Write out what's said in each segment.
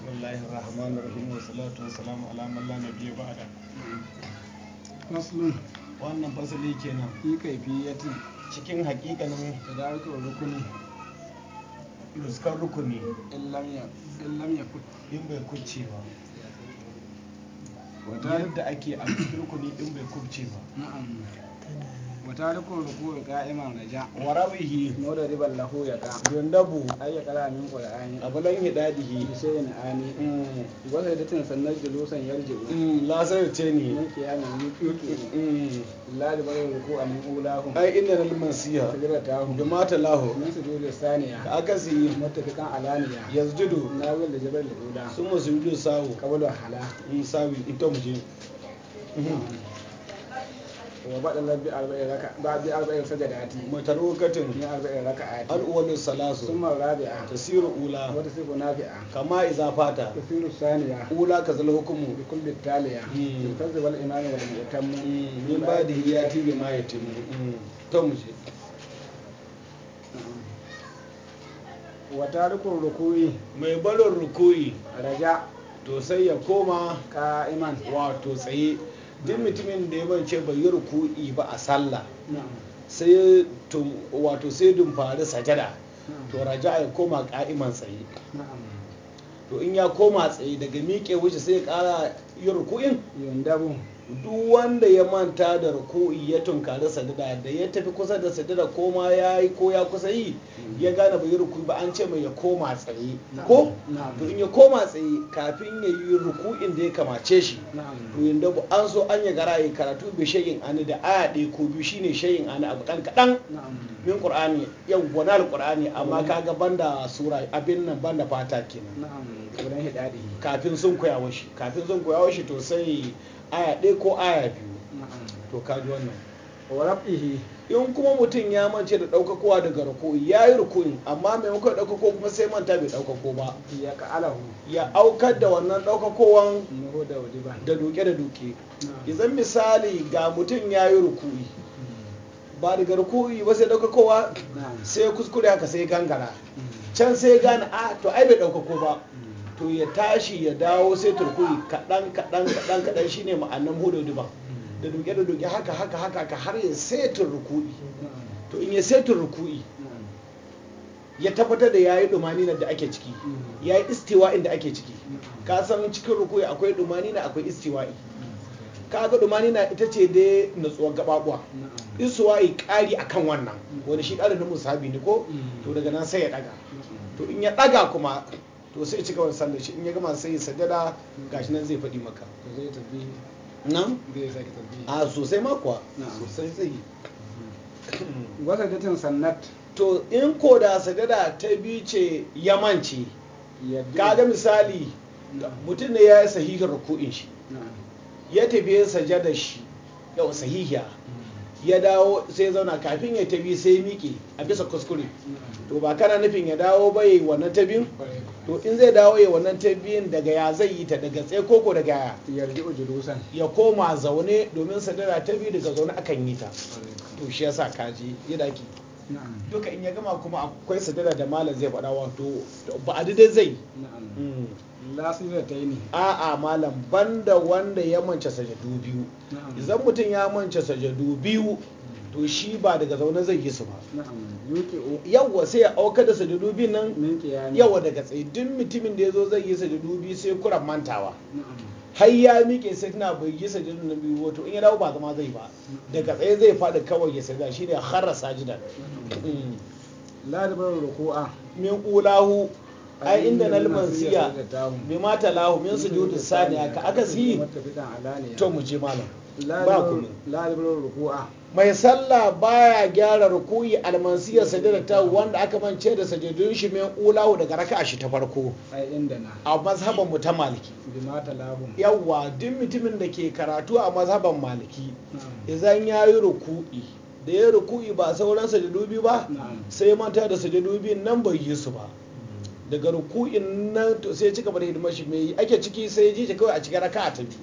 bismillahir rahmanir rahim wa salatu wa salamu ala man la nabiyya ba'da faslun wannan fasali kenan fi kaifiyati cikin hakikanin tadarukar rukuni ruskar rukuni in lam ya in bai kucce ba yadda ake a rukuni in bai kuce ba wa tarikul ruku'i qa'iman raja wa rabihi mudariban lahu yaqa yundabu ayya kalamin qur'ani abulan hidadihi shay'in ani wa sayyidatin sannan julusan yarji'u la sayyati ni yake yana yuki la da bare ruku'a min ulahum ai inna lil masiha sajadatahu bi mata lahu min sujudi saniya ka akasi mutafikan alaniya yazjudu na wal jabal ula summa sujudu sawu qabla hala in sawi Eh, waɗanda bi arba'in raka ba bi arba'in sajadati mutarukatin bi arba'in raka'ati al'uwanin salasu summa rabi'a tasiru ula wa tasiru nafi'a kama iza fata saniya ula ka hukumu bi kul taliya min hmm. fazl wal iman wa mutammu hmm. min badi hiyati bi ma yatimu hmm. to mu ce wa tarukur mai balon rukui raja tosai ya koma ka iman wato tsaye duk mutumin da ya mance bai yi ruku'i ba a sallah sai wato sai dumfari sajada to raja ya koma ka'iman tsaye to in ya koma tsaye daga miƙe wuce sai ya ƙara yi ruku'in duk wanda ya manta da ruku'i ya tunkari sadida da ya tafi kusa da sadida ko ma ya yi ko ya kusa yi ya gane bai yi ruku'i ba an ce mai ya koma tsaye ko to in ya koma tsaye kafin ya yi ruku'in da ya kamace shi to yanda an so an ya gara ya karatu bi shayin ani da aya ɗaya ko biyu shine shayin ani abu ɗan kaɗan min qur'ani yau wani alqur'ani amma kaga banda sura abin nan banda fata kenan kafin sun koyawa shi kafin sun koyawa shi to sai aya ɗaya ko aya biyu to ka ji wannan in kuma mutum ya mance da ɗaukakowa daga ruku'i ya yi ruku'in amma maimakon ɗaukako kuma sai manta bai ɗaukako ba ya ya aukar da wannan ɗaukakowan da duke da duke idan misali ga mutum ya yi rukuni hmm. ba daga rukuni ba sai ɗaukakowa sai kuskure haka sai gangara hmm. can sai gane a ah, to ai bai ɗaukako ba hmm. to ya tashi ya dawo sai turkuri kaɗan kaɗan kaɗan kaɗan ne ma'anan hudu duban da duke da duke haka haka haka ka har ya setin ruku'i to in ya setin ruku'i ya tabbatar da yayi dumani da ake ciki yayi istiwa inda ake ciki ka san cikin ruku'i akwai dumani na akwai istiwa'i kaga dumani na ita ce dai natsuwar gababuwa istiwa'i kari akan wannan wani shi karin musabi ne ko to daga nan sai ya daga to in ya daga kuma to sai ci gaban sallar shi in ya gama sai ya sadada gashi nan zai faɗi maka to zai tabbi nan zai sake tabbi a sosai ma kuwa sosai zai wasa jatin sannat to in ko da sadada ta biyu ce yamanci kaga misali mutum ne ya yi sahihar ruku'in shi ya tafi sajada shi yau sahihiya ya dawo sai ya zauna kafin ya tabi sai miƙe a bisa kuskure to ba kana nufin ya dawo ba yi wannan tabin to in zai dawo ya wannan tabin daga ya zai yi ta daga tsaye koko daga ya ya koma zaune domin sadara tabi daga zaune akan yi ta to shi yasa kaji ya daki duka in ya gama kuma akwai sadara da malam zai faɗa wato ba a dai zai lasira ta yi ne a'a malam banda wanda ya mance sajadu biyu idan mutum ya mance sajadu biyu to shi ba daga zaune zai yi su ba yawwa sai ya auka da sajadu biyu nan yawa daga tsaye duk mutumin da ya zo zai yi sajadu biyu sai kuran mantawa har ya miƙe sai tana bugi sajidun na biyu wato in ya dawo ba zama zai ba daga tsaye zai faɗi kawai ya sirga shi ne harra sajidan larabar ruku'a min ƙulahu ai inda na limansiya bi mata lahu min sujudu saniya ka aka si to mu je malam ba kuma ruku'a mai sallah baya gyara rukuyi almansiyar sajada ta wanda aka mance da sajadun shi mai ulawu daga raka shi ta farko a mazhaban mu ta maliki yawa duk mutumin da ke karatu a mazhaban maliki idan ya yi ruku'i da ya ruku'i ba sauran sajadu ba sai manta da sajadu nan bai yi su ba daga ruku'in nan to sai cika da hidimar shi mai ake ciki sai ji ta kawai a cikin raka ta biyu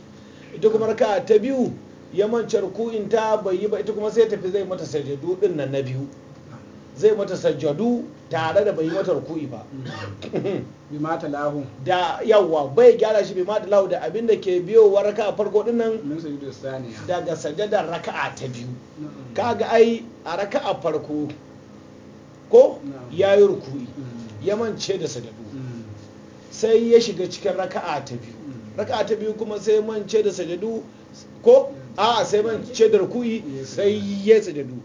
ita kuma raka'a ta biyu ya mance ruku'in ta bai yi ba ita kuma sai tafi zai mata sajadu din nan na biyu zai mata sajadu tare da bai yi mata ruku'i ba bi mata lahu da yawa bai gyara shi bi mata lahu da abinda ke biyo raka raka'a farko din nan daga sajadar raka'a ta biyu kaga ai a raka'a farko ko ya yi ruku'i ya mance da sajadu sai ya shiga cikin raka'a ta biyu raka'a ta biyu kuma sai mance da sajadu ko a sai man ce da rukuyi sai ya tsajadu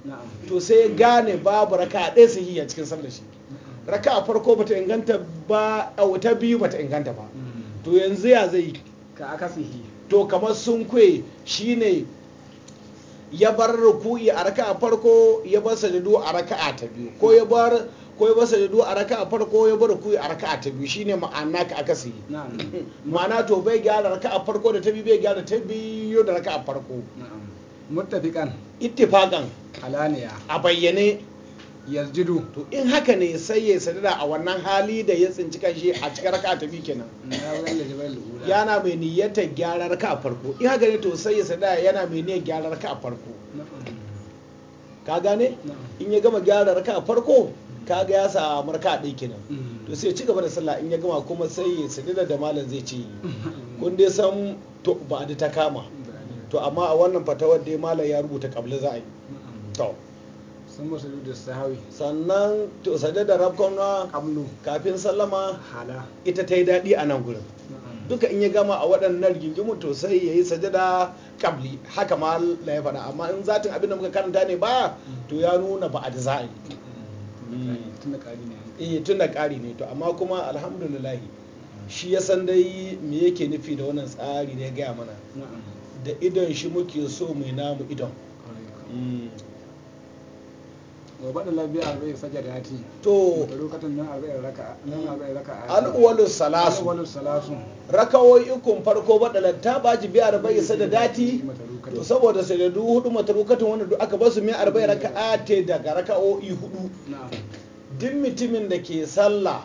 to sai ya gane babu raka ɗaya yi a cikin sanda shi raka a farko bata inganta ba a wuta biyu bata inganta ba to yanzu ya zai ka aka to kamar sun kwe ne ya bar ruku'i a raka a farko ya bar sajadu a raka a ta biyu ko ya bar ko ya basa da du a raka a farko ya bar kuyi a raka a ta biyu shine ma'ana ka aka sai ma'ana to bai gyara raka a farko da ta biyu bai gyara ta biyu da raka a farko muttafiqan ittifaqan alaniya a bayyane yasjudu to in haka ne sai ya sadada a wannan hali da ya tsinci kanshi a cikin raka ta biyu kenan yana mai niyyatar gyara raka a farko in haka ne to sai ya sadada yana mai niyyar gyara raka a farko ka gane in ya gama gyara raka a farko Ka ga ya sa a ɗai kenan mm. to sai ci gaba da sallah in ya gama kuma sai ya sajada da malam zai ce mm. kun dai san to ba da ta kama mm. to amma a wannan fatawar dai malam ya rubuta kabla za a yi to sannan to sajada da kamlu kafin sallama ita ta yi daɗi a nan gurin duka in ya gama a waɗannan rigingimu to sai ya yi sajada kabli haka ma ya faɗa amma in zatin abin da muka karanta ne baya to ya nuna ba a da za'a yi eh tun da ƙari ne to amma kuma alhamdulillah shi ya san dai me yake nufi da wannan tsari da ya gaya mana da idon shi muke so mu namu idon wabaɗin mm. labiya arba'in sajadati to lokacin nan arba'in raka nan arba'in raka al'uwalu salasu al'uwalu salasu rakawoyi ukun farko baɗalar ta baji bi arba'in sajadati to saboda sajadu hudu matarukatun wanda aka basu mai arba'in a te daga raka'o'i hudu duk mutumin da ke sallah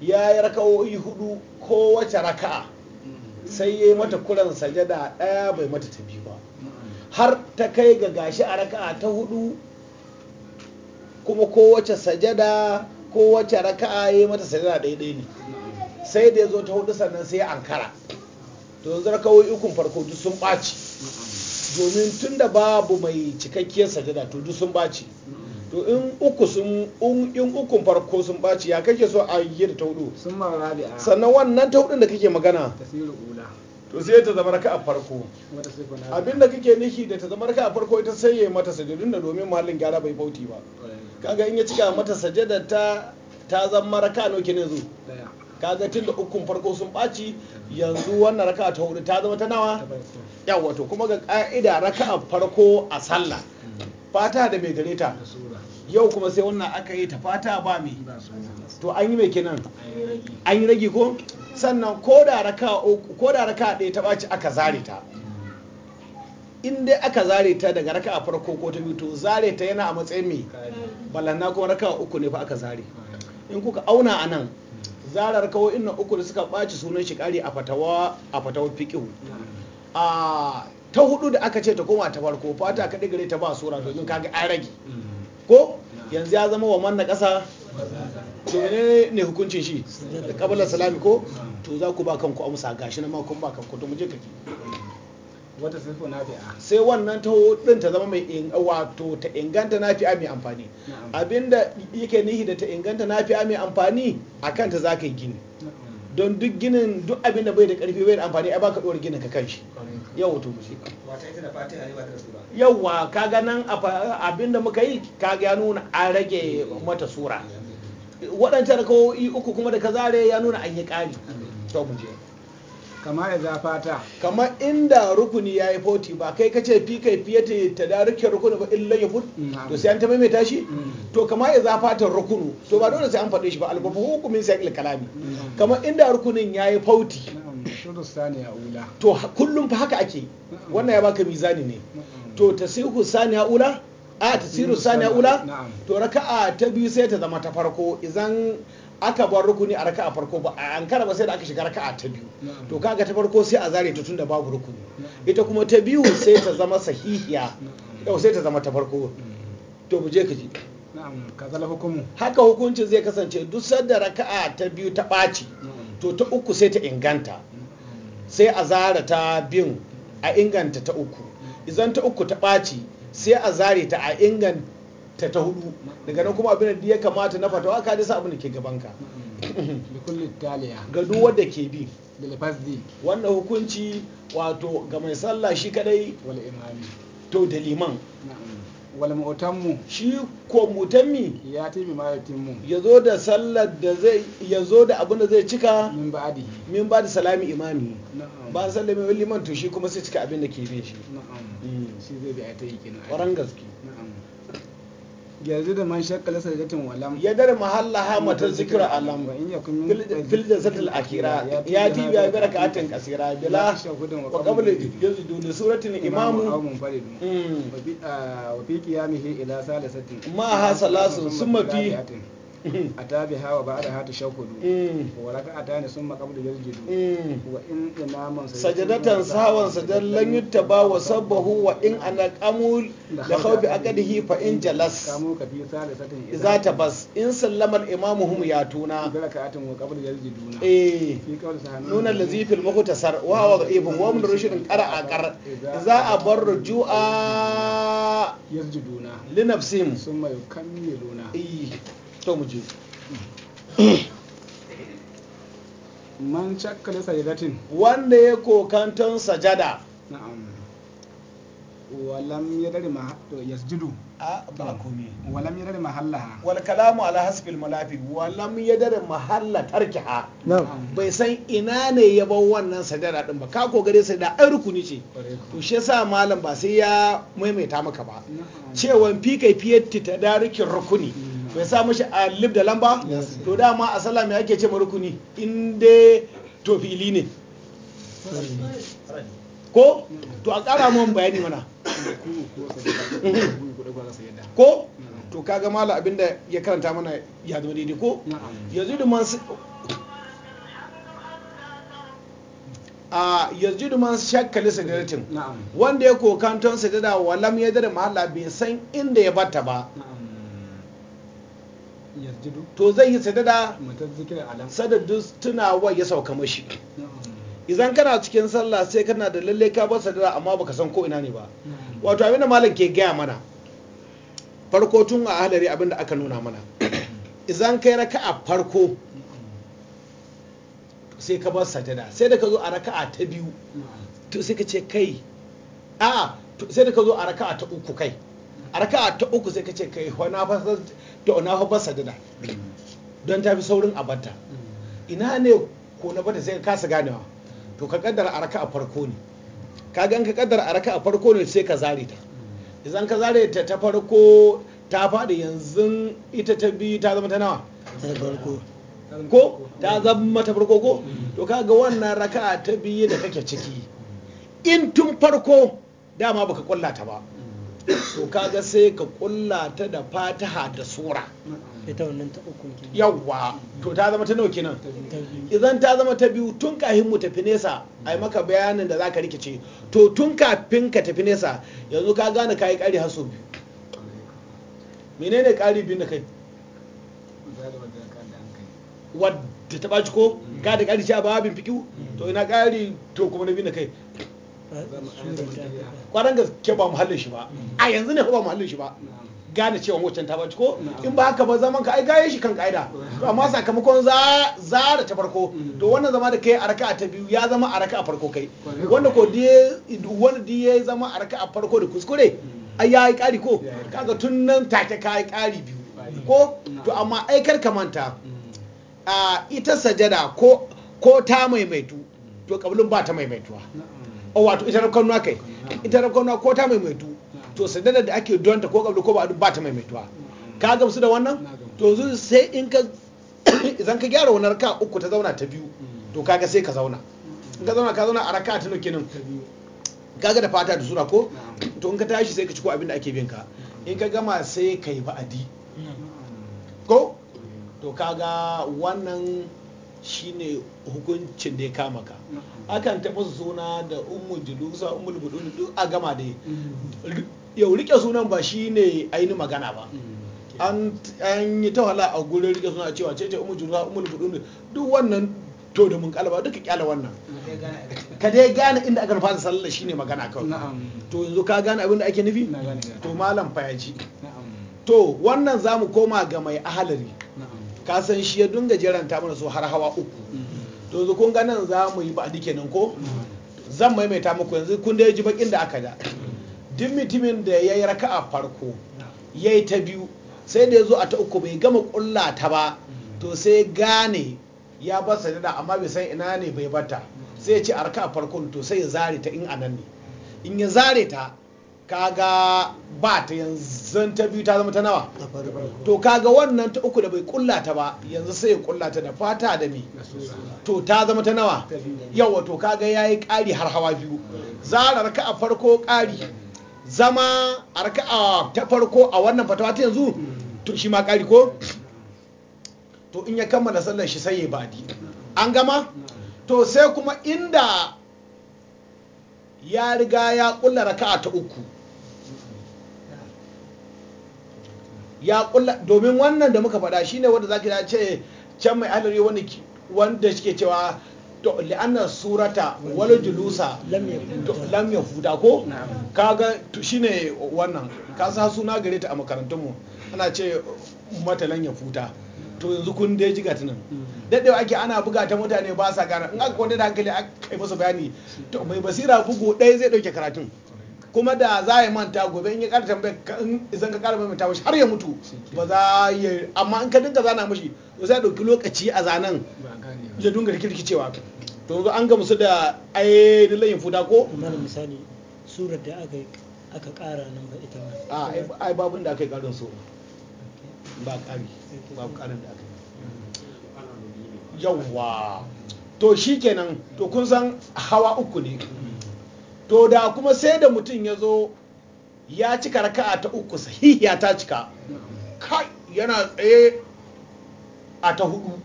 ya yi raka'o'i hudu kowace raka'a sai ya yi mata kuran sajada ɗaya bai mata ta biyu ba har ta kai ga gashi a raka'a ta hudu kuma kowace sajada kowace raka'a ya yi mata sajada daidai ne sai da ya zo ta hudu sannan sai ya ankara to yanzu raka'o'i ukun farko duk sun ɓaci domin tun da babu mai cikakkiyar sajada to duk sun ɓaci to in uku sun in ukun farko sun baci ya kake so a yi da ta hudu sannan wannan ta hudun da kake magana to sai ta zama raka a farko abinda kake nishi da ta zama raka a farko ita sai ya mata sajadun da domin muhallin gyara bai bauti ba kaga in ya cika mata sajada ta ta zama raka no kenan yanzu kaga tun da ukun farko sun baci yanzu wannan raka ta hudu ta zama ta nawa yawa to kuma ga ka'ida raka a farko a sallah mm. fata da mai gare ta yau kuma sai wannan aka yi ta fata ba mai to an yi mai kenan an yi ragi ko sannan ko da raka ɗaya ta ɓaci aka zare ta in dai aka zare ta daga raka a farko ko ta biyu to zare ta yana a matsayin mai ballanna kuma raka uku ne fa aka zare in kuka auna a nan zarar kawo inna uku da suka ɓaci sunan shi kari a fatawa a fatawa fiƙihu a ta hudu da aka ce ta koma ta farko fata ka digire ta ba sura domin kaga an rage ko yanzu ya zama wa manna ƙasa to ne ne hukuncin shi da kabbalar salami ko to za ku ba kanku amsa gashi na ma kun ba kanku to mu je ki wata sifu nafi'a sai wannan ta din ta zama mai wato ta inganta nafi'a mai amfani abinda yake nihi da ta inganta nafi'a mai amfani akan ta ka yi gini don duk ginin duk abinda bai da karfi bai da amfani ai baka dora ginin ka kanshi yau to mu shi yauwa kaga nan abinda muka yi kaga ya nuna a rage mata sura waɗancan raka'o'i uku kuma da ka zare ya nuna an yi ƙari to mu je kamar ya zafata kamar inda rukuni ya yi foti ba kai kace fi kai fiye ta ta da rukin rukuni ba illa ya fut mm, to sai an ta maimaita shi mm. to kamar ya zafata rukunu to ba dole sai an faɗe shi ba albabu hukumin sai kalami mm, kamar inda rukunin ya yi foti to kullum fa haka ake wannan ya baka mizani ne to tasihu sani ula a tasiru saniya ula to raka'a ta biyu sai ta zama ta farko idan aka bar rukuni a raka'a farko ba a ankara ba sai da aka shiga raka'a ta biyu to kaga ta farko sai a zare ta tunda babu rukuni ita kuma ta biyu sai ta zama sahihiya yau sai ta zama ta farko mm. to mu je ka ji haka hukuncin zai kasance duk sadda raka'a ta biyu ta ɓaci mm. to ta uku sai ta inganta sai a zara ta bin a inganta ta uku idan ta uku ta ɓaci sai a zare ta a inganta ta hudu daga nan kuma abin da ya kamata na fatawa ka dasa abin da ke gabanka ga duk wanda ke bi wannan hukunci wato ga mai sallah shi kadai to da liman wal mu'tammu shi ko mutammi ya taimi ma ya zo yazo da sallar da zai yazo da abin da zai cika min adi min da salami imami ba sallame wal liman to shi kuma sai cika abin da ke bin shi na'am mm. shi zai bi ayi ta yi kenan ƙwaran gaske na'am yanzu da man shakka da sajdatin walam ya dar mahallaha matan zikra alam fil jazatil akhira ya ti bi barakatin kasira bila wa qabla yazidu li suratin imamu hmm. ah, wa fi qiyamihi ila salasatin ma ha salasun summa fi a tabi hawa ba da hata shakudu eh. wa raka eh. a tani sun makabda yasjudu wa in imaman sajadatan sawan sajadallan yuttaba wa sabbahu wa in da khawfi aqadihi fa in jalas kamu ka fi salisatin idza tabas in ya tuna wa qabla eh nuna allazi fil mukhtasar wa wa ibn wa min rushidin qara'a qar idza abar rujua yasjuduna linafsim yukammiluna eh to mu je man shakka sajadatin wanda ya kokanton sajada na'am walam ya dare mahallo ya sujudu a ba komai walam ya dare mahalla wal kalamu ala hasbil malafi walam ya dare mahalla tarkiha bai san ina ne ya bar wannan sajada din ba ka ko gare sai da ai rukuni ce to shi yasa malam ba sai ya maimaita maka ba cewan fi kai fiyatti tadarikin rukuni mm. to ya sa mashi alif da lamba to dama a sallah me ake ce marukuni inda tofili ne ko to a ƙara mun bayani mana ko to kaga mala abinda ya karanta mana ya zama daidai ko yanzu da man a yanzu da man shakkali sigaratin wanda ya kokanton sajada walam ya dare mahalla bai san inda ya bata ba to zai yi sadada sadadin tunawa ya sauka mashi idan kana cikin sallah sai kana da lalle ka bar sadada amma baka san ko ina ne ba wato abin da malam ke gaya mana farko tun a ahalari abin da aka nuna mana idan kai raka a farko sai ka bar sadada sai da ka zo a a ta biyu to sai ka ce kai a sai da ka zo a a ta uku kai a a ta uku sai ka ce kai wani da ona hobar sajada don ta fi saurin abarta ina ne ko na bata sai ka kasa ganewa to ka kaddara a raka a farko ne ka gan ka kaddara a raka a farko ne sai ka zare ta idan ka zare ta ta farko ta faɗi yanzu ita ta biyu ta zama ta nawa ko ta zama ta farko ko to kaga wannan raka ta biyu da kake ciki in tun farko dama baka kwalla ta ba to kaga sai ka kulla ta da fataha da sura ita wannan ta uku yawwa to ta zama ta nawa kenan idan ta zama ta biyu tun kafin mu tafi nesa ai maka bayanin da zaka rikice to tun kafin ka tafi nesa yanzu ka gane kai kari haso biyu menene kari biyu da kai wadda ta baci ko ka da kari shi a bin fikiu to ina kari to kuma na biyu da kai kwaran ke ba muhallin shi ba a yanzu ne ba muhallin shi ba gane cewa wancan ta baci ko in ba haka ba zaman ka ai gaye shi kan ka'ida amma sakamakon za da ta farko mm. to wannan zama da kai a raka'a ta biyu ya zama a raka'a farko kai wanda ko wanda ya zama a raka'a farko da kuskure mm. ai ya yi kari ko kaga tun nan take ka yi kari biyu ko to amma ai kar ka manta mm. a ita sajada ko ko ta maimaitu to kablin ba ta maimaituwa o wato ita na kwanwa kai ita na kwanwa ko ta maimaitu to sadadar da ake don ta ko kabli ko ba ba ta maimaituwa ka gamsu da wannan to yanzu sai in ka idan ka gyara wani raka uku ta zauna ta biyu to kaga sai ka zauna in ka zauna ka zauna a raka ta nuke nan kaga da fata da sura ko to in ka tashi sai ka ci ko abin da ake bin ka in ka gama sai ka yi ba'adi ko to kaga wannan shine hukuncin da ya kama ka mm-hmm. akan taɓa suna da ummu julusa ummu budun duk a gama da mm-hmm. yau rike sunan ba shine aini magana ba mm-hmm. an yi ta hala a gurin rike suna cewa ce ce ummu julusa ummu budun duk wannan to da mun kalaba duka kyala wannan ka dai gane inda aka fasa sallar shine magana kawai to yanzu ka gane abin da ake nufi to malam fayaji to wannan zamu koma ga mai ahalari ka san shi ya dunga jeranta mana su har hawa uku mm-hmm. to yanzu kun ganin za mu yi ba'adi kenan ko mm-hmm. zan maimaita muku yanzu kun da ya ji bakin da aka da mm-hmm. duk mutumin da ya yi raka a farko ya yi ta biyu sai da ya zo a ta uku bai gama kulla ta ba to sai gane ya ba dada amma bai san ina ne bai bata sai ya ce a raka a farkon to sai ya zare ta in anan ne in ya zare ta kaga ba ta yanzu ta biyu ta zama ta nawa to kaga wannan ta uku da bai kulla ta ba yanzu sai ya kulla ta da fata da mi to ta zama ta nawa yawa to kaga yayi kari har hawa biyu zara raka a farko ƙari zama a raka a ta farko a wannan fatawa ta yanzu to shi ma ƙari ko to in ya kammala sallar shi sai ya badi an gama to sai kuma inda ya riga ya kulla raka'a ta uku ya kulla domin wannan da muka faɗa shine wanda zaki da ce can mai alari wani wanda shike cewa to li'anna surata wal julusa lam yahuda ko kaga shine wannan ka sa suna gare ta a makarantun mu ana ce mata lan yahuda to yanzu kun dai jiga ta nan mm. daɗewa ake ana buga ta mutane ba sa gana in aka kwanta da hankali aka kai masa bayani to mai basira bugu ɗaya zai ɗauke karatun kuma da za ya manta gobe in ya ƙara tambaya in isan ka ƙara maimaita mashi har ya mutu ba za ya amma in ka dinga zana ba to sai ɗauki lokaci a zanen ya dinga cewa. to yanzu an gamu su da ai layin fuda ko amma misali surar da aka aka ƙara nan ba ita ma a ai babun da aka yi ƙarin so ba ƙari ba ƙarin da aka yi yawwa to shikenan to kun san hawa uku ne to da kuma sai da mutum ya zo ya cika raka'a ta uku sahihiya ta cika kai yana tsaye a ta hudu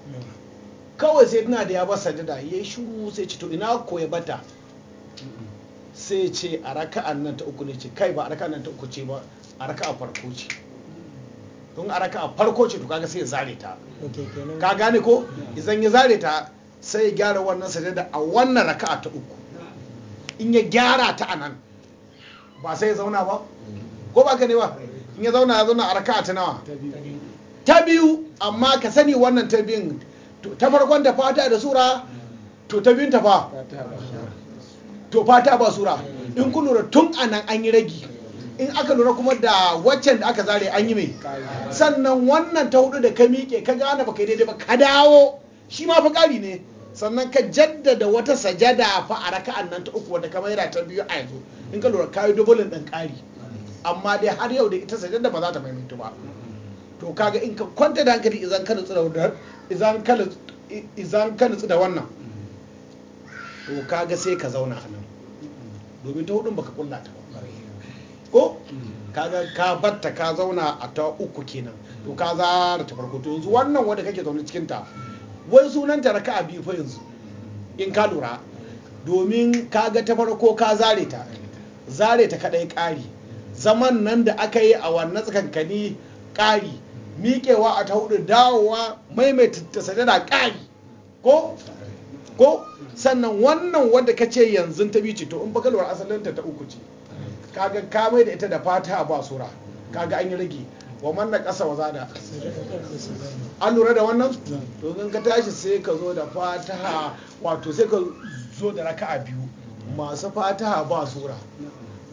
kawai sai tana da ya ba sajada ya yi shuru sai ce to ina ko ya bata sai ce a raka'an nan ta uku ne ce kai ba a raka'an nan ta uku ce ba a raka'a farko ce don a raka'a farko ce to kaga sai ya zare ta ka gane ko idan ya zare ta sai ya gyara wannan sajada a wannan raka'a ta uku in ya gyara ta a nan ba sai ya zauna ba ko ba ka ne ba in ya zauna ya zauna a raka ta nawa ta biyu amma ka sani wannan ta biyun ta farkon da fata da sura to ta biyun ta fa to fata ba sura in ku lura tun a nan an yi ragi in aka lura kuma da waccan da aka zare an yi mai sannan wannan ta hudu da ka miƙe ka gane ba yi daidai ba ka dawo shi ma fa ƙari ne sannan ka jaddada wata sajada fa a raka'an nan ta uku wadda ka yana ta biyu a yanzu in ka lura kayi dubulin dan ƙari amma dai har yau da ita sajada ba za ta maimaitu ba to kaga in ka kwanta da hankali idan ka nutsu da wannan idan ka idan ka nutsu da wannan to kaga sai ka zauna a nan domin ta hudun baka kulla ta ba ko kaga ka batta ka zauna a ta uku kenan to ka zara ta farko to yanzu wannan wanda kake zaune cikin ta wai sunanta a biyu fa yanzu in ka lura domin ka ga ta farko ka zare ta zare ta kadai ƙari zaman nan da aka yi a wannan tsakankani ƙari miƙewa a ta hudu dawowa maimaita ta da ƙari ko ko sannan wannan wanda kace ce yanzu ta ce to in bakalwar asalin ta uku ce kaga ka mai da ita da fata ba sura kaga an yi rage wa manna ƙasa wa zada an lura da wannan to in ka tashi sai ka zo da fataha wato sai ka zo da raka a biyu masu fataha ba sura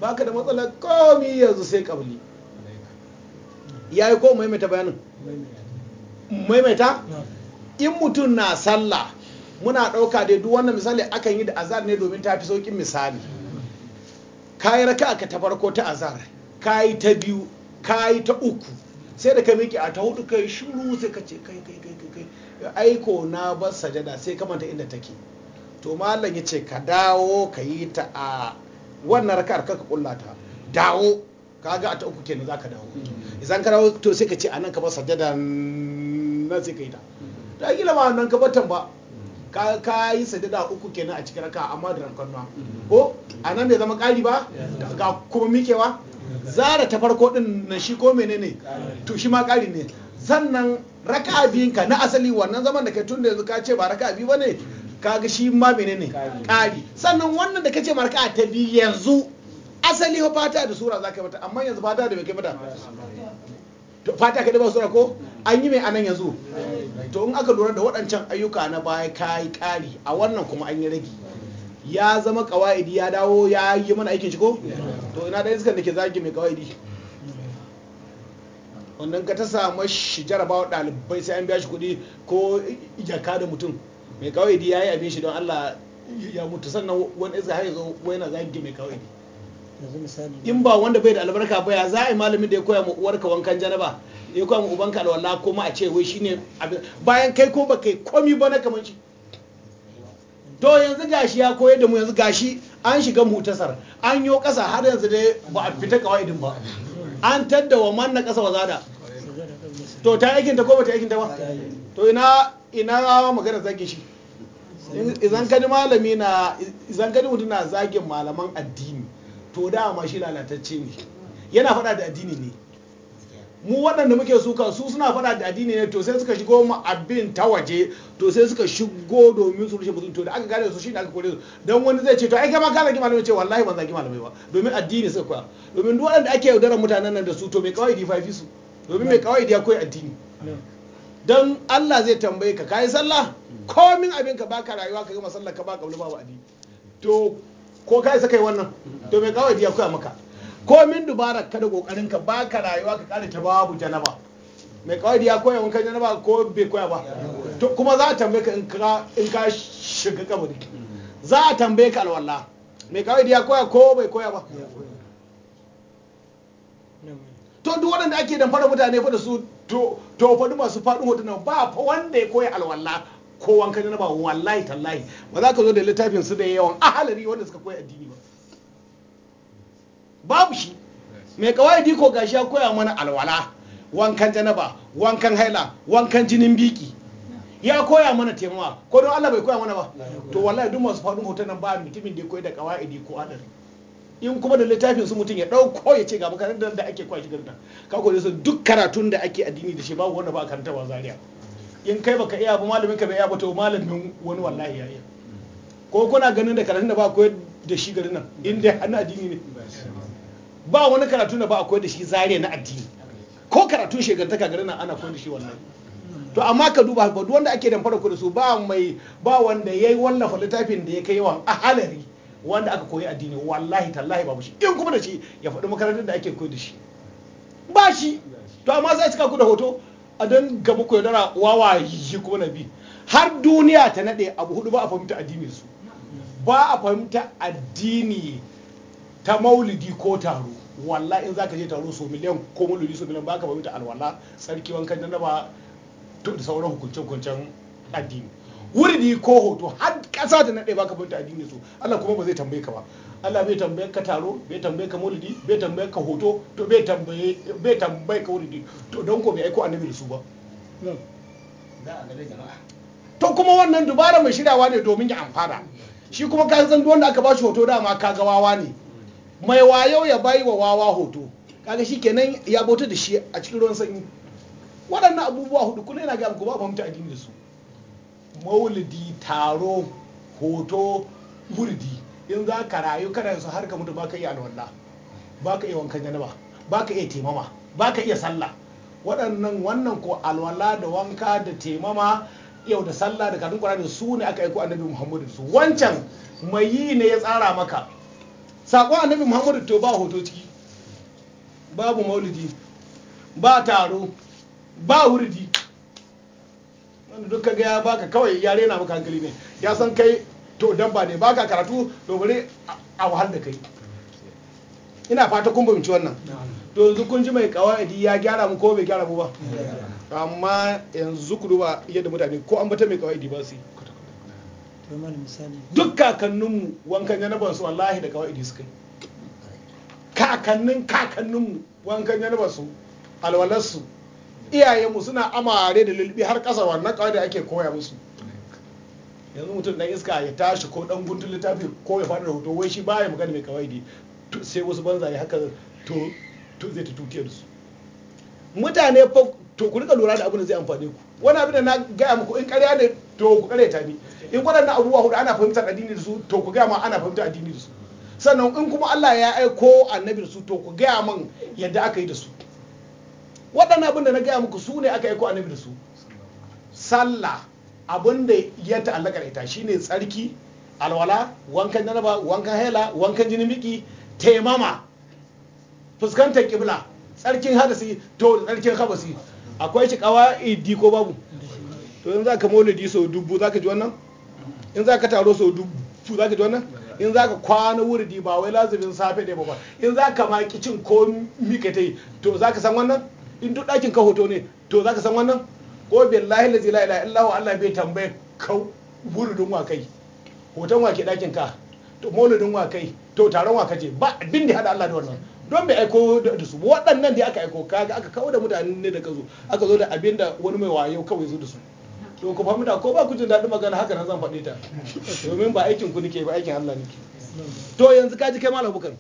ka da matsala komi yanzu sai kabli ya yi ko maimaita bayanin maimaita in mutum na sallah muna ɗauka dai duk wannan misali akan yi da azar ne domin ta fi sauƙin misali kayi raka ka ta farko ta azar kayi ta biyu ka yi ta uku sai da ka miƙe a ta hudu kai shuru sai ka ce kai kai kai kai aiko na bar sajada sai ka manta inda take to Mallam ya ce ka dawo ka yi ta a wannan raka'ar ka kulla ta dawo ka ga a ta uku kenan zaka dawo idan ka dawo to sai ka ce anan ka bar sajada nan sai ka yi ta da kila ma nan ka batan ba ka ka yi sajada uku kenan a cikin raka amma da rankan ko anan bai zama ƙari ba ga kuma mikewa zara ta farko din nan shi ko menene to shi ma ƙari ne sannan raka biyun ka na asali wannan zaman da kai tun da yanzu ka ce ba raka biyu bane kaga shi ma menene ƙari sannan wannan da kace ma raka'a ta biyu yanzu asali ho fata da sura zaka mata amma yanzu fata da bai kai mata fata ka da ba sura ko an yi mai anan yanzu to in aka lura da waɗancan ayyuka na baya kai ƙari a wannan kuma an yi rage ya zama kawaidi ya dawo ya yi mana aikin shi ko to ina da iskan da ke zagi mai kawaidi wannan ka ta samu shi jarabawa ɗalibai sai an biya shi kuɗi ko jaka da mutum mai kawaidi ya yi abin shi don Allah ya mutu sannan wani iska har yanzu wani zagi mai kawaidi in ba wanda bai da albarka ba ya za a yi malamin da ya koya ma uwarka wankan janaba ya koya ma ubanka alwala ko ma a ce wai shine bayan kai ko ba kai komi ba na kamar shi to yanzu gashi ya koyar da mu yanzu gashi an shiga mutasar an yo kasa har yanzu dai ba a fita kawaidin ba an tadda wa manna kasa wa zada to ta aikin ta ko ba ta aikin ta ba to ina ina magana zage shi idan kani malami na idan kani mutum na zagin malaman addini to dama shi lalatacce ne yana faɗa da addini ne mu waɗanda muke suka su suna faɗa da addini ne to sai suka shigo mu abin ta waje to sai suka shigo domin su rushe mutum to da aka gane su shine aka kore su dan wani zai ce to ai kai ma ka zagi malamai ce wallahi ban zaki malamai ba domin addini suka koya domin duk waɗanda ake yaudara mutanen nan da su to mai kawai di fafi su domin mai kawai ya koyi addini dan Allah zai tambaye ka kai sallah komin abin ka baka rayuwa ka gama sallah ka ba kabulu babu addini to ko kai sakai wannan to mai kawai ya koya maka komin dubara ka da kokarin ka ba ka rayuwa ka kare ta babu janaba mai kawai ya koya wankan janaba ko bai koya ba kuma za a tambaye ka in ka shiga kabari za a tambaye ka alwala mai kawai ya koya ko bai koya ba to duk waɗanda ake damfara mutane fa da su to fa masu faɗin hotuna ba fa wanda ya koya alwala ko wankan janaba wallahi tallahi ba za ka zo da littafin su da yawan ahalari wanda suka koya addini ba babu shi mai kawaidi ko gashi ya koya mana alwala wankan janaba wankan haila wankan jinin biki ya koya mana taimawa ko don Allah bai koya mana ba to wallahi duk masu faɗin hoton nan ba mutumin da ya koyi da kawaidi ko adari in kuma da littafin su mutum ya ɗauko ya ce ga makarantar da ake kwashi garta ka ko su duk karatun da ake addini da shi babu wanda ba karanta ba zaria in kai baka iya ba malamin ka bai iya ba to malamin wani wallahi ya iya ko kuna ganin da karatun da ba koyar da shi garin nan in dai addini ne ba wani karatu da ba a koyar da shi zare na addini ko karatun shegantaka garin nan ana koyar da shi wannan to amma ka duba ba duk wanda ake damfara koyar da su ba mai ba wanda yayi wallafa littafin da ya kai yawan ahalari wanda aka koyi addini wallahi tallahi babu shi in kuma da shi ya faɗi makarantar da ake koyar da shi ba shi to amma sai suka ku hoto a don gaba da yaudara wawaye shi kuma na bi har duniya ta naɗe abu hudu ba a fahimta addini su ba a fahimta addini ta maulidi ko taro walla in za ka je taro so miliyan ko maulidi so miliyan baka bauta alwala sarki wankan ba to da sauran hukuncen hukuncen addini wuridi ko hoto har kasa da nade baka bauta addini so Allah kuma ba zai tambaye ka ba Allah bai tambaye ka taro bai tambaye ka maulidi bai tambaye ka hoto to bai tambaye bai tambaye ka wuridi to don ko bai aiko annabi da su ba to kuma wannan dubara mai shiryawa ne domin ya amfana shi kuma ka san duk wanda aka ba shi hoto dama ka gawawa ne mai wayo ya bayi wa wawa hoto kaga shi kenan ya bauta da shi a cikin ruwan sanyi waɗannan abubuwa hudu kuna yana gaba kuma ba fahimta addini da su maulidi taro hoto hurdi in za ka rayu kana su har ka mutu ba ka iya alwala ba ka iya wankan janaba ba ka iya taimama ba ka iya sallah waɗannan wannan ko alwala da wanka da taimama yau da sallah da karatun da su ne aka aiko annabi muhammadu su wancan mai yi ne ya tsara maka sako annabi muhammadu to ba hoto ciki babu maulidi ba taro ba wurdi wanda duk kaga ya baka kawai ya rena maka hankali ne ya san kai to ba ne baka karatu to a wahal da kai ina fata kun fahimci wannan to yanzu kun ji mai kawai ya gyara mu ko bai gyara mu ba amma yanzu ku duba yadda mutane ko an bata mai kawai ba su duk kakanninmu wankan yanabar su wallahi da kawai suka yi kakannin kakanninmu wankan yanabar su alwalarsu iyayenmu suna amare da lulbi har ƙasa wannan kawai da ake koya musu yanzu mutum dan iska ya tashi ko dan guntun littafi ko ya fara hoto wai shi baya magana mai kawai sai wasu banza banzaye haka to zai tutuke su mutane fa to ku rika lura da abin da zai amfane ku wani abin da na gaya muku in karya ne to ku ta ni in waɗannan abubuwa hudu ana fahimtar addini da su to ku gaya ma ana fahimtar addini da su sannan in kuma Allah ya aiko annabi da su to ku gaya man yadda aka yi da su waɗannan abin da na gaya muku su ne aka aiko annabi da su sallah abin da ya ta'allaka da ita shine tsarki alwala wankan janaba wankan haila wankan jinin miki taimama fuskantar kibla tsarkin hadasi to tsarkin habasi akwai shi kawa idi ko babu to in za ka maulidi sau dubu za ka ji wannan in za ka taro sau dubu za ka ji wannan in za ka kwana wuridi ba wai lazumin safe ne ba ba in za ka maki cin ko mika ta yi to za ka san wannan in duk ɗakin ka hoto ne to za ka san wannan ko billahi lazi la ilaha illahu allah bai tambaye ka wuridin wa kai hoton wa ke ɗakin ka to maulidin wa kai to taron wa kaje ba abin da hada allah da wannan don bai aiko da su waɗannan da aka aiko kaga aka kawo da mutane ne da ka zo aka zo da abin da wani mai wayo kawai zo da su to ku fahimta ko ba ku jin daɗin magana haka nan zan faɗi ta domin ba aikin ku nake ba aikin Allah nake to yanzu ka ji kai malam bukar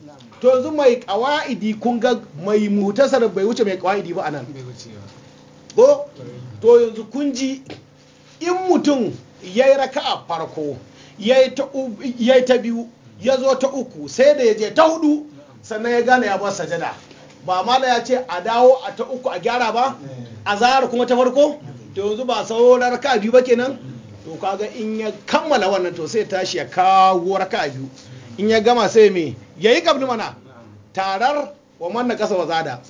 to yanzu mai kawaidi kun ga mai mutasar bai wuce mai kawaidi ba anan ko to yanzu kun ji in mutum yayi raka'a farko yayi ta biyu ya zo ta uku sai da ya je ta hudu sannan ya gane ya bar sajada ba mala ya ce a dawo a ta uku a gyara ba eh. a zahar kuma ta farko to yanzu ba da raka biyu ba kenan to kaga in ya kammala wannan to sai tashi ya kawo raka biyu in ya gama sai me yayi kabli mana tarar wa manna kasa wa zada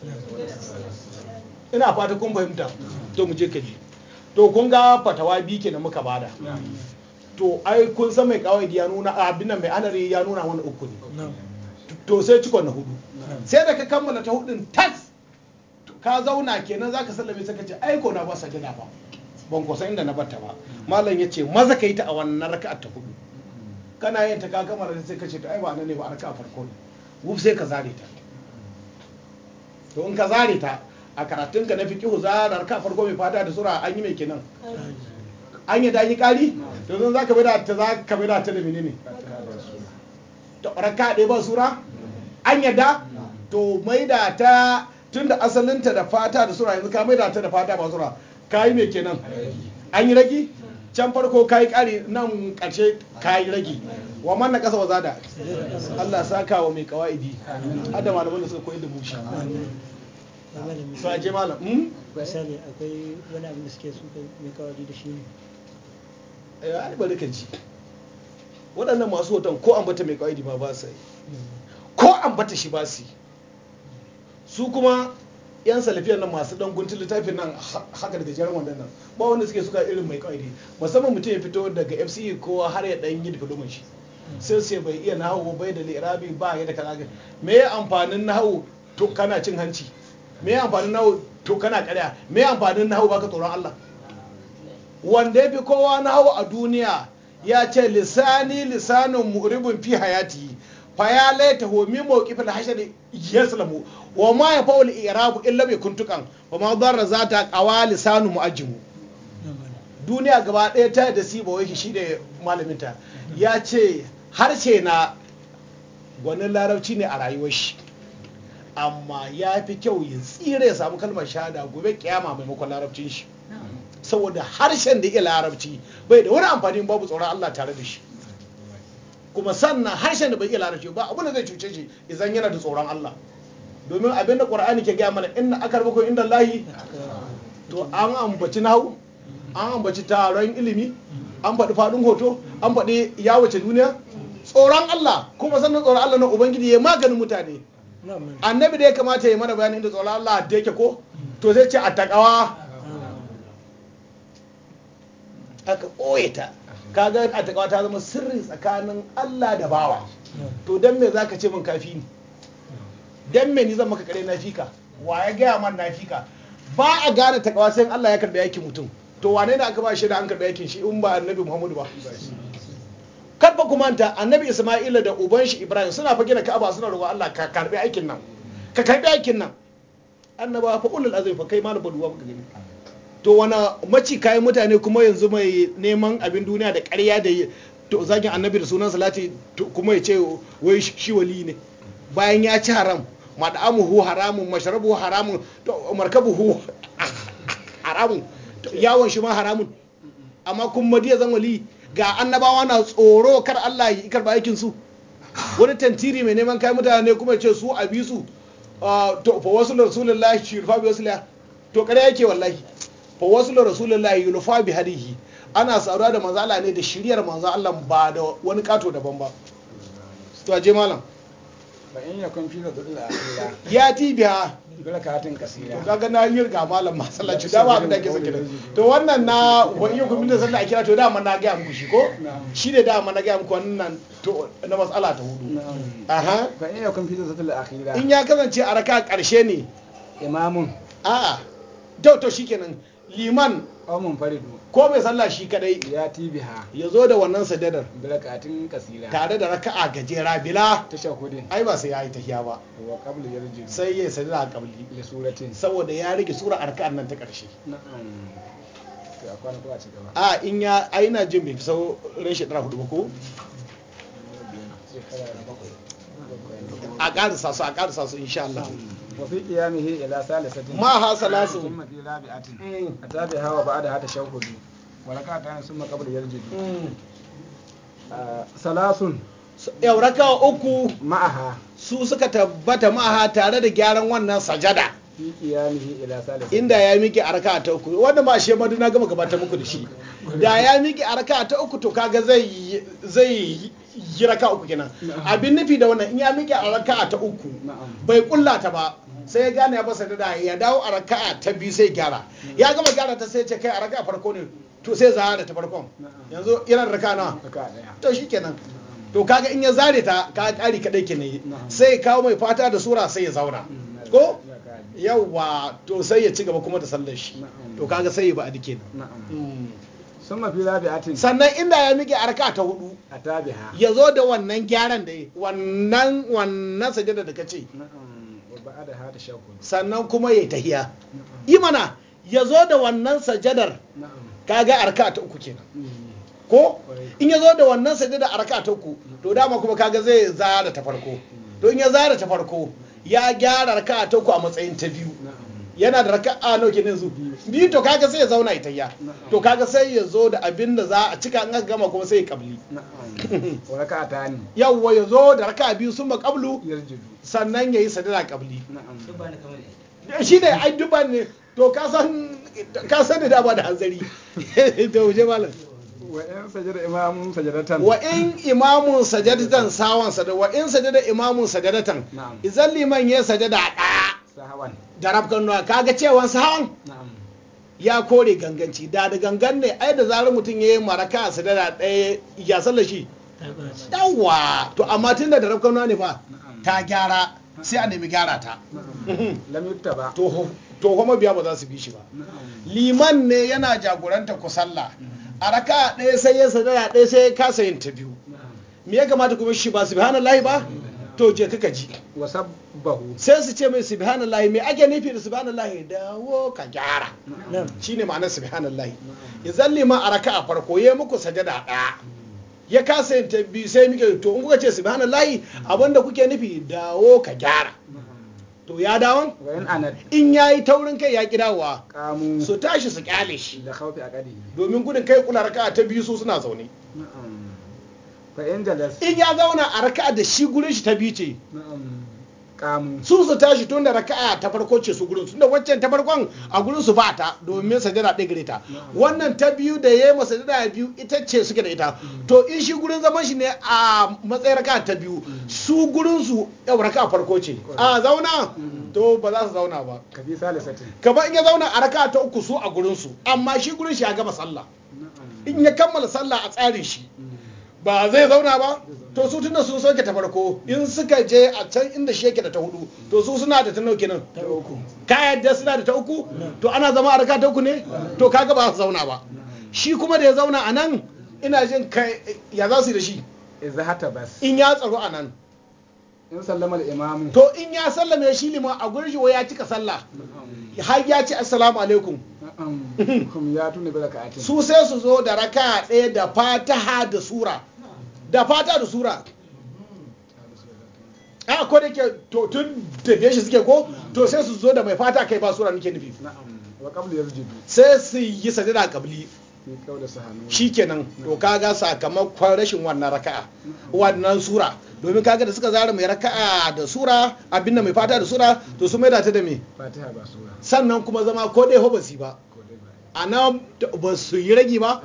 ina fata kun fahimta to mu je ka ji to kun ga fatawa biyu kenan muka bada to ai kun san mai kawai ya nuna abin nan mai anare ya nuna wani uku ne to sai cikon na hudu sai da ka kammala ta hudun tas ka zauna kenan zaka sallame sai ka ce ai ko na ba sajada ba ban kusa inda na batta ba Mallam ya ce maza ka yi ta a wannan raka'a ta hudu kana yin ta ka gama da sai ka ce to ai ba nan ne ba a raka'a farko ne wuf sai ka zare ta to in ka zare ta a karatun ka na fiqhu zarar raka'a farko mai fata da sura an yi mai kenan an yi dan yi kari to zan zaka bi da ta zaka bi da ta da menene to raka'a ɗaya ba sura an yadda to maida ta da asalinta da fata da sura yanzu ka yana ta da fata ba sura Ka yi me kenan an yi ragi can farko ka yi kare nan ka yi ragi wa man na kasa wa zada Allah saka wa mai kawaidi hada malaman da suka koyi da bushi sai je malam mm misali akwai wani abin da suke suka mai kawaidi da shi ne eh ai bari ji waɗannan masu hoton ko an bata mai kawaidi ma ba su yi ko an bata shi ba su yi su kuma yan salafiyar nan masu dan guntun littafin nan haka daga jerin wannan nan ba wanda suke suka irin mai kaidi musamman mutum ya fito daga fce ko har ya dan yi diplomin shi sai sai bai iya nahawu bai da lirabi ba ya da kaza me ya amfanin nahawu to kana cin hanci me ya amfanin nahawu to kana karya me ya amfanin nahawu baka tsoron Allah wanda bi kowa nahawu a duniya ya ce lisani lisanun muribun fi hayati fa ya laita mo min da hashe ya yaslamu wa ma ya faul irab illa bi kuntukan wa ma darra zata qawali sanu muajimu duniya gaba ɗaya ta da siba wai shi da malaminta ya ce harshe na gwani larabci ne a rayuwar shi amma ya fi kyau ya tsira ya samu kalmar shahada gobe kiyama maimakon larabcin shi saboda harshen da iya larabci bai da wani amfani babu tsoron Allah tare da shi kuma sannan harshen da bai iya larabci ba abin da zai cuce shi idan yana da tsoron Allah domin abinda Qur'ani ke gaya mana inna akarbakum inda Allahi to an ambaci nahu an ambaci taron ilimi an faɗi faɗin hoto an faɗi ya wace duniya tsoron Allah kuma sannan tsoron Allah na ubangiji ya maganin mutane annabi da ya kamata ya mana bayanin inda tsoron Allah da yake ko to zai ce a takawa aka ɓoye ta kaga a takawa ta zama sirri tsakanin Allah da bawa to dan me zaka ce min kafi ni dan me ni zan maka kare nafika wa ya gaya man nafika ba a gane takawa sai Allah ya karbi yakin mutum to wane ne aka ba shi da an karbi yakin shi in ba annabi Muhammadu ba kar ba kuma ta annabi Isma'ila da uban shi Ibrahim suna fage da Ka'aba suna roƙo Allah ka karbi aikin nan ka karbi aikin nan annabawa fa ulul azmi fa kai malu baduwa ka gani to wani maci kayan mutane kuma yanzu mai neman abin duniya da karya da to zagin annabi da sunan salati kuma ya ce wai shi wali ne bayan ya ci haram hu haramun masharabu haramun to hu haramun yawon shi ma haramun amma kuma madiya zan wali ga annabawa na tsoro kar Allah ya karba aikin su wani tantiri mai neman kayan mutane kuma ce su a bi su ah, to fa wasu rasulullahi shirfa bi wasu to kare yake wallahi fa waslu rasulullahi yulfa bi hadihi ana saura da manzo Allah ne da shiriyar manzo Allah ba da wani kato daban ba to aje malam ba in yakun fi da akhira ya ti tibiya dole ka hatin kasira to kaga na yi ga malam masallaci da ba abin da ke sake to wannan na wa in yakun fi nadrul akhira to dama na ga muku shi ko shi ne dama na ga muku wannan to na matsala ta hudu aha ba in yakun fi da nadrul akhira in ya kasance a raka karshe ne imamun a'a to to shikenan liman amun faridu ko mai sallah shi kadai ya tibiha ya zo da wannan sadadar bilakatin kasira tare da raka'a gajera bila tashahudin ai ba sai ya yi tahiya ba wa qabl yarji sai ya sajada qabli li suratin saboda ya rike sura arka'an nan ta karshe na'am a in ya aina jin bi fi sau rashin dara hudu ba ko? a karisa su a karisa su insha Allah وفي قيامه إلى uku ma'aha su suka tabbata ma'aha tare da gyaran wannan sajada inda ya miki a raka ta uku wanda ma shi madu na gama gabata muku da shi da ya miki a raka ta uku to kaga zai zai yi raka uku kenan abin nufi da wannan in ya miƙe a raka'a ta uku bai kulla ta ba sai ya gane ya basa da ya dawo a raka'a ta biyu sai gyara ya gama gyara ta sai ce kai a raka'a farko ne to sai zara da ta farkon yanzu yana da raka'a nawa to shikenan to kaga in ya zare ta ka ƙari kadai kenan sai kawo mai fata da sura sai ya zauna mm, ko yawwa to sai ya ci gaba kuma da sallar shi to kaga sai ya ba a dike na'am mm. sun mafi rabi'atin sannan inda ya miƙe arka ta hudu a tabiha ya zo da wannan gyaran da wannan wannan sajada da kace sannan kuma ya tahiya imana ya zo da wannan sajadar kaga arka ta uku kenan mm. ko in ya zo da wannan sajada arka ta uku to dama kuma kaga zai zara ta farko to in ya zara ta farko ya gyara arka ta uku a matsayin ta biyu yana da raka'a nawa kenan yanzu biyu to kaga sai ya zauna ita ya to kaga sai ya zo da abin da za a cika an gama kuma sai ya kabli raka'a ta ne yawwa ya zo da raka'a biyu sun ba kablu sannan ya yi sadara kabli shi ne ai duba ne to ka san da ba da hanzari to je malam wa in sajada imamun sajadatan sawansa da imamun sajadatan wa in sajada imamun sajadatan izan liman ya sajada a da nuwa kaga cewan sahawan ya kore ganganci da da gangan ne ai da zarar mutum ya yi maraka a sadara ɗaya ya sallar shi dawa to amma tun da da nuwa ne fa ta gyara sai a nemi gyara ta to kuma biya ba za su bi shi ba liman ne yana jagoranta ku sallah mm-hmm. a raka ɗaya sai ya sadara ɗaya sai ya kasa yin ta biyu me ya kamata kuma shi ba subhanallahi ba mm-hmm. to je kaka ji sai su ce mai subhanallahi mai ake nufi da subhanallahi dawo ka gyara Shi ne ma'anar subhanallahi ya zalli ma a a farko ya muku sajada daya ya kasa yin tabbi sai muke to in kuka ce subhanallahi abinda kuke nufi dawo ka gyara to ya dawon in ya yi taurin kai ya kidawa su tashi su kyale shi domin gudun kai kula raka ta biyu su suna zaune in ya zauna a raka'a da shi gurin shi ta biyu ce su su tashi tun da raka'a ta farko ce su gurin tun da waccan ta farkon a gurin su ba ta domin sajada ɗaya gare ta wannan ta biyu da ya yi masa sajada biyu ita ce suke da ita mm. to in shi gurin zaman shi ne a matsayin raka'a ta biyu mm. su gurin su yau raka'a farko ce a zauna mm. to ba za su zauna ba kaba in ya zauna a raka'a ta uku su a gurin su amma shi gurin shi ya gama sallah in ya kammala sallah a tsarin shi ba zai zauna ba to su tunda sun sauke ta farko in suka je a can inda shi yake da ta hudu to su suna da ta nauke nan ta uku ka yadda suna da ta uku to ana zama a raka ta uku ne to kaga ba su zauna ba shi kuma da ya zauna a nan ina jin kai ya za su yi da shi in ya tsaro a nan in sallama imamu to in ya sallame shi liman a gurji ya cika sallah har ya ce assalamu alaikum su sai su zo da raka ɗaya da fataha da sura da fata da sura a ko da ke to tun da shi suke ko to sai su zo da mai fata kai ba sura nake nufi sai su yi sajada kabli shi kenan to kaga sakamakon rashin wannan raka'a wannan sura domin kaga da suka zara mai raka'a da sura abinda mai fata da sura to su mai da ta da me sannan kuma zama ko dai hobasi ba a nan ba su yi ragi ba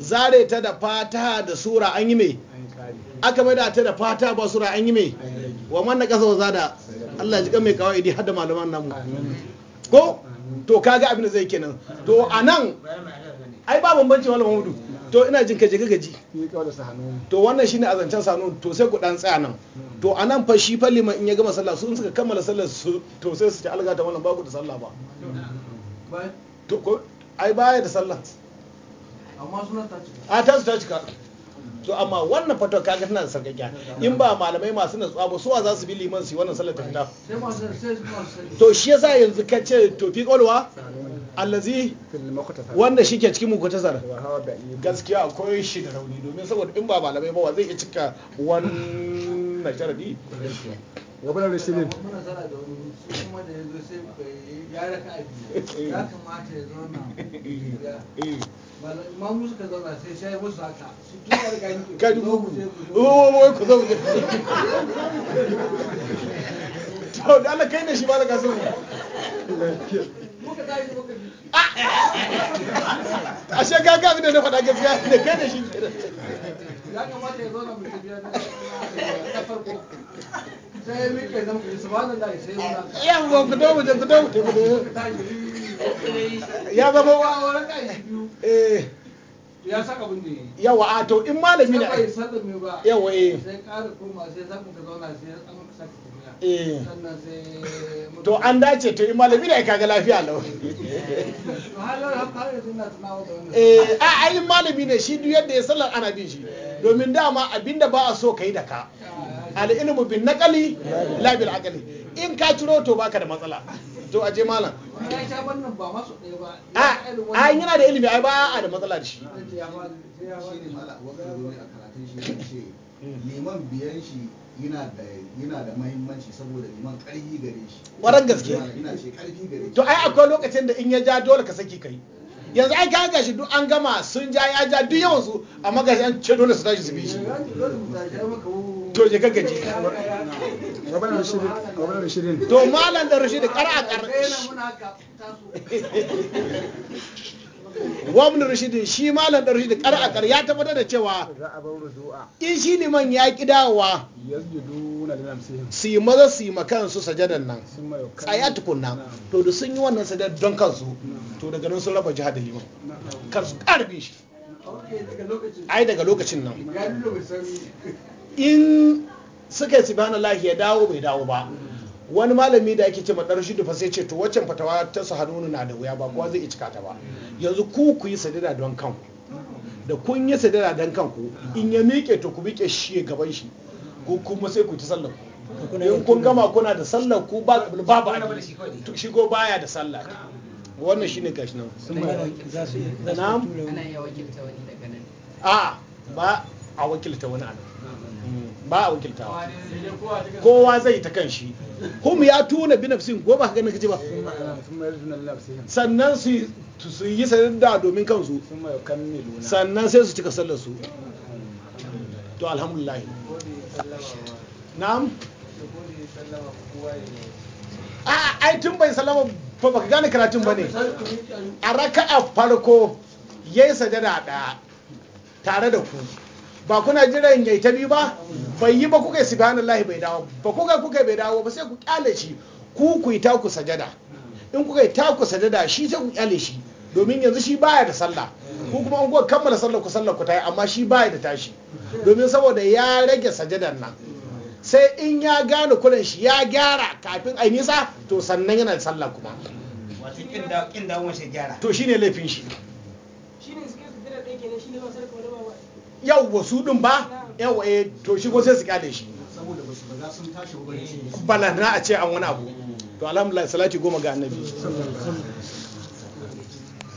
zare ta da fata da sura an yi mai aka da ta da fata ba sura an yi mai wa manna kasa wa zada Allah ji mai kawai idi hada malaman namu ko to kaga abin da zai kenan to a nan ai ba bambanci malaman hudu to ina jin kaje gaji to wannan shine a zancen sanu to sai ku dan tsaya nan to a nan fa shi fa liman in ya gama sallah su suka kammala sallar su to sai su ci alga ta wannan ba ku da sallah ba to ai baya da sallah amma suna ta cika a ta cika to amma wannan fatawa kaga tana da sarkakiya in ba malamai masu natsuwa ba suwa za su bi liman su wannan sallar ta fita to shi yasa yanzu ka ce to fi kwalwa allazi wanda shi ke cikin zara gaskiya akwai shi da rauni domin saboda in ba malamai ba zai iya cika wannan sharadi gabanar da shi ya raka a eh. ya kamata ya zauna eh. mamu suka zauna sai shayi musu haka su tun ya riga yake ka dubu ku oh, oh, oh ku zo to kai ne shi ba da kasu muka tashi na faɗa gaskiya kai ne shi ya ya zama wa wannan kai eh ya saka bindi yawa a to in malami ne sai sallame ba yawa eh sai ƙara koma sai zaku ka zauna sai an saka eh to an dace to in malami ne kaga lafiya lau halar tunawa da eh a ai malami ne shi duk yadda ya sallar ana bin shi eh. domin dama abinda ba a so kai da ka al'ilmu bin naƙali labil aƙali in ka ciro to baka da matsala to aje malam a yana da ilimi a ba a da matsala da shi liman biyan shi yana da mahimmanci saboda liman karfi gare shi ƙwarar gaske to ai akwai lokacin da in ya ja dole ka saki kai yanzu ai kaga shi duk an gama sun ja ya ja duk yawan su amma gashi an ce dole su tashi su bi shi to je gaggaji to malam da rashidi kar a kar wabin rashidin shi malam da rashidin kar a kar ya tabbatar da cewa in shi ne man ya ki dawowa su yi maza su yi makansu sajadan nan tsaya tukunna to da sun yi wannan sajad don kansu to daga nan sun raba jihar da liman su karbin shi ai daga lokacin nan in suka yi subhanallah ya dawo bai dawo ba wani malami da ake ce madar shi dufa sai ce to waccan fatawa ta su hannu na da wuya ba kuwa zai cika ta ba yanzu ku ku yi sadada don kanku da kun yi sadada don kanku in ya miƙe to ku miƙe shi gaban shi ko kuma sai ku ta sallar ku in kun gama kuna da sallar ku ba ba ba shi ko baya da sallar wannan shine gashi nan za su wani daga nan a ba a wakilta wani anan ba a wakiltawa kowa zai ta kan shi hum ya tuna bi nafsin ko ba ka gani kace ba sannan su yi sadda domin kansu sannan sai su cika sallar su to alhamdulillah na'am a ai tun bai salama ba baka gane karatun ba ne a raka'a farko yi sajada daya tare da ku ba kuna jiran yayi ta biyu ba bai yi ba kuka yi subhanallahi bai dawo ba kuka kuka bai dawo ba sai ku kyale shi ku ku yi taku sajada in kuka yi taku sajada shi sai ku kyale shi domin yanzu shi baya da sallah ku kuma an kuka kammala sallah ku sallah ku tayi amma shi baya da tashi domin saboda ya rage sajadan nan sai in ya gane kuran shi ya gyara kafin a nisa to sannan yana da sallah kuma wato kin dawo gyara to shine laifin shi yawwa su ɗin ba yawwa eh to shi ko sai su kade shi balantana a ce an wani abu to alhamdulillah salati goma ga annabi